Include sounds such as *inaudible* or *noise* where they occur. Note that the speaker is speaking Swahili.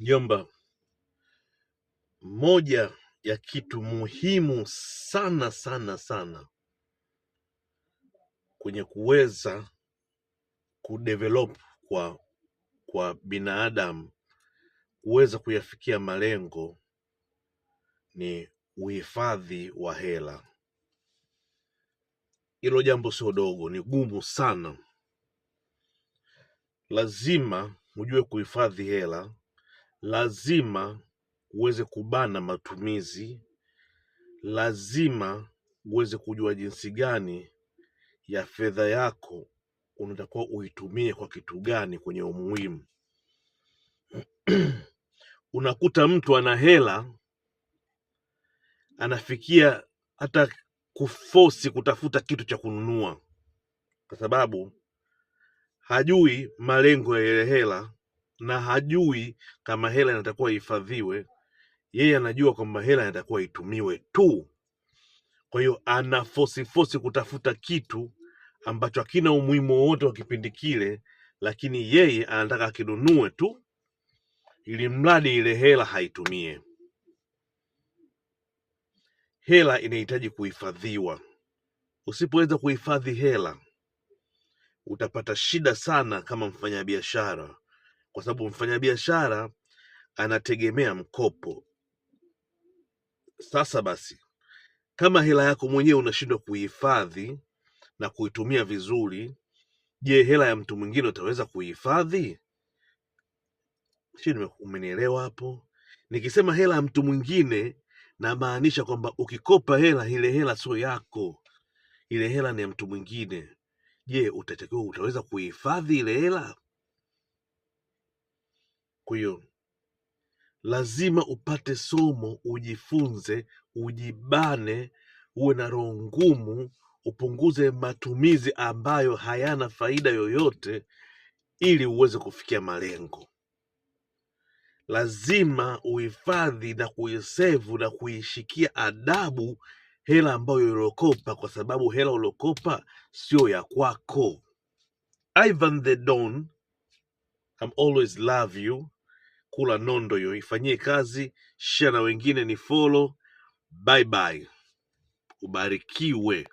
Mjomba, moja ya kitu muhimu sana sana sana kwenye kuweza kudevelop kwa kwa binadamu kuweza kuyafikia malengo ni uhifadhi wa hela. Hilo jambo sio dogo, ni gumu sana. Lazima ujue kuhifadhi hela lazima uweze kubana matumizi, lazima uweze kujua jinsi gani ya fedha yako unatakiwa uitumie kwa kitu gani kwenye umuhimu. *clears throat* Unakuta mtu ana hela anafikia hata kufosi kutafuta kitu cha kununua, kwa sababu hajui malengo ya ile hela na hajui kama hela inatakiwa ihifadhiwe. Yeye anajua kwamba hela inatakiwa itumiwe tu. Kwa hiyo ana fosi fosi kutafuta kitu ambacho hakina umuhimu wowote wa kipindi kile, lakini yeye anataka akinunue tu, ili mradi ile hela haitumie. Hela inahitaji kuhifadhiwa. Usipoweza kuhifadhi hela utapata shida sana kama mfanyabiashara kwa sababu mfanyabiashara anategemea mkopo. Sasa basi, kama hela yako mwenyewe unashindwa kuihifadhi na kuitumia vizuri, je, hela ya mtu mwingine utaweza kuihifadhi? Sijui umenielewa hapo. Nikisema hela ya mtu mwingine, namaanisha kwamba ukikopa hela, ile hela sio yako, ile hela ni ya mtu mwingine. Je, utatakiwa utaweza kuihifadhi ile hela? kuiona. Lazima upate somo, ujifunze, ujibane, uwe na roho ngumu, upunguze matumizi ambayo hayana faida yoyote, ili uweze kufikia malengo. Lazima uhifadhi na kuisevu na kuishikia adabu hela ambayo ulokopa, kwa sababu hela ulokopa sio ya kwako. Ivan the Don, I'm always love you kula nondo hiyo ifanyie kazi share na wengine ni follow bye bye ubarikiwe